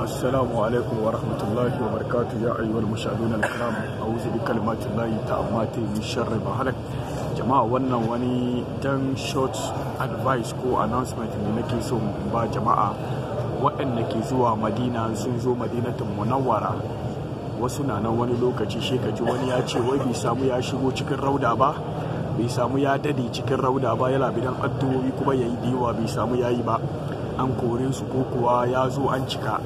assalamu alaikum wa rahmatullahi wa barakatu ya ayyuhal a al-kiram a'udhu bi kalimatin lahi ta'ammati min sharri ma halak jama'a wannan wani dan short advice ko announcement ne nake so ba jama'a waɗanda ke zuwa madina sun zo madinatin munawwara wasu na nan wani lokaci shekaji wani ya ce wai bai samu ya shigo cikin rauda ba bai samu ya dade cikin rauda ba yala bidan addu'o'i kuma yayi diwa bai samu yayi ba an kore su ko kuwa ya zo an cika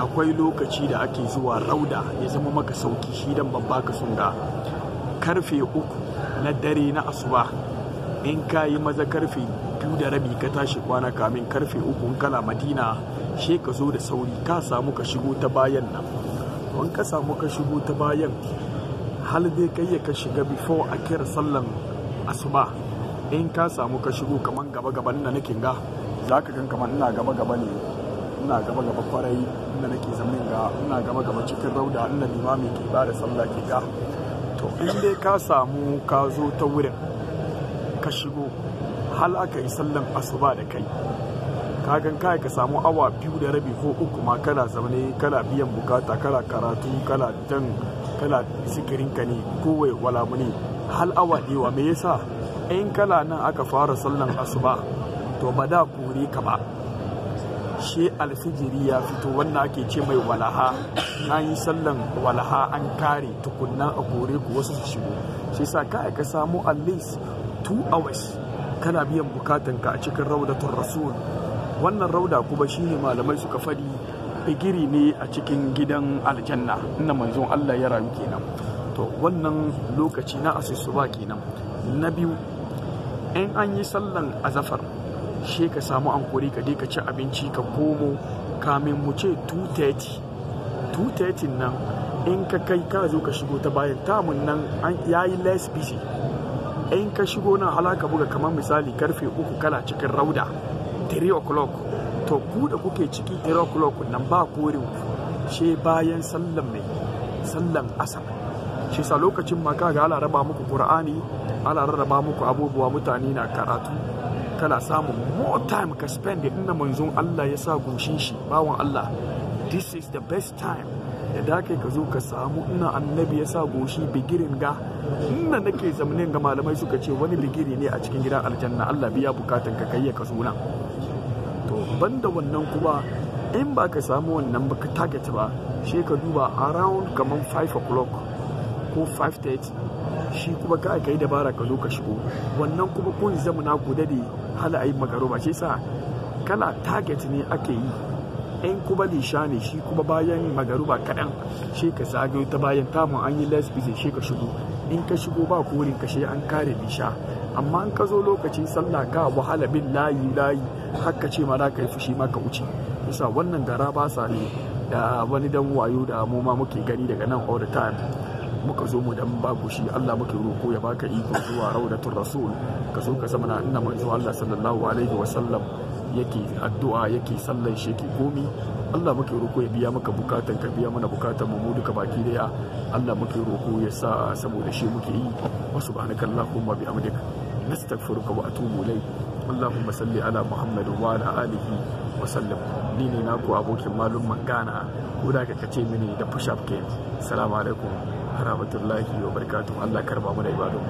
akwai lokaci da ake zuwa rauda ya zama maka sauki shi dan babba ka sunga karfe uku na dare na asuba in ka yi maza karfe biyu da rabi ka tashi kwana kamin karfe uku kala madina she ka zo da sauri ka samu ka shigo ta bayan nan in ka samu ka shigo ta bayan hal kai ya ka shiga before a kira sallan asuba in ka samu ka shigo kaman gaba gaban na nakin ga za ka gan kaman ina gaba gaba ne ina gaba gaba kwarai inda nake zamin ga ina gaba gaba cikin rauda inda mai ke ba da sallah ke ga to in dai ka samu ka zo ta wurin ka shigo hal aka yi sallan asuba da kai gan kai ka samu awa biyu da rabi ko uku ma kana zaune kana biyan bukata kana karatu kana jan kana sikirin ka ne kowai wala muni hal awa ɗewa me yasa in kana nan aka fara sallan asuba to ba da kore ka ba she alfijiri ya fito wannan ake ce mai walaha na yi sallan walaha an kare tukunna a gore ku wasu su shigo shi sa ka ka samu at least two hours kana biyan ka a cikin raudatun rasul wannan rauda kuma shine malamai suka fadi bigiri ne a cikin gidan aljanna ina manzon Allah ya rayu kenan to wannan lokaci na asusuba kenan na biyu in an yi sallan azafar she ka samu ankuri ka je ka ci abinci ka komo kamin mu ce 230 230 nan in ka kai ka zo ka shigo ta bayan tamun nan ya yi less busy in ka shigo nan halaka buga kamar misali karfe uku kana cikin rauda 3 o'clock to ku da kuke ciki 3 o'clock nan ba korin she bayan sallan mai sallan asar shi sa lokacin maka ga ala raba muku qur'ani ala rarraba muku abubuwa mutane na karatu kana samu more time ka spend na manzon Allah ya sa goshin shi bawon Allah this is the best time da dake ka zo ka samu ina annabi ya sa goshi bigirin ga ina nake zamanin ga malamai suka ce wani bigiri ne a cikin gidan aljanna Allah biya bukatun ka kai ka na to banda wannan kuma in ba ka samu wannan ba ka target ba sai ka duba around kaman 5 o'clock ko 5:30 shi kuma ka kai dabara ka zo ka shigo wannan kuma kun zama na gode da hala ayi magaruba shi sa kala target ne ake yi in kuma lisha ne shi kuma bayan magaruba kaɗan shi ka zagayo ta bayan tamun an yi busy shi ka shigo in ka shigo ba korin ka shi an kare lisha amma in ka zo lokacin sallah ka wahala bin layi layi haka ce ma za ka yi fushi ma ka wuce yasa wannan gara ba sa ne da wani dan wayo da mu ma muke gani daga nan all the time muka zo mu dan babu shi Allah muke roko ya baka iko zuwa raudatul rasul ka so ka zama inna manzo Allah sallallahu alaihi wa sallam yake addu'a yake sallan shi yake komi Allah muke roko ya biya maka bukatan ka biya mana bukatan mu duka baki daya Allah muke roko ya sa saboda shi muke yi wa wa bihamdika nastaghfiruka wa atubu ilayk اللهم صل على محمد وعلى alihi. wasallam ni ne naku abokin malum magana ko da ka ce mini da push up game salamu alaikum rahmatullahi wa barakatuh Allah karba mu da ibadu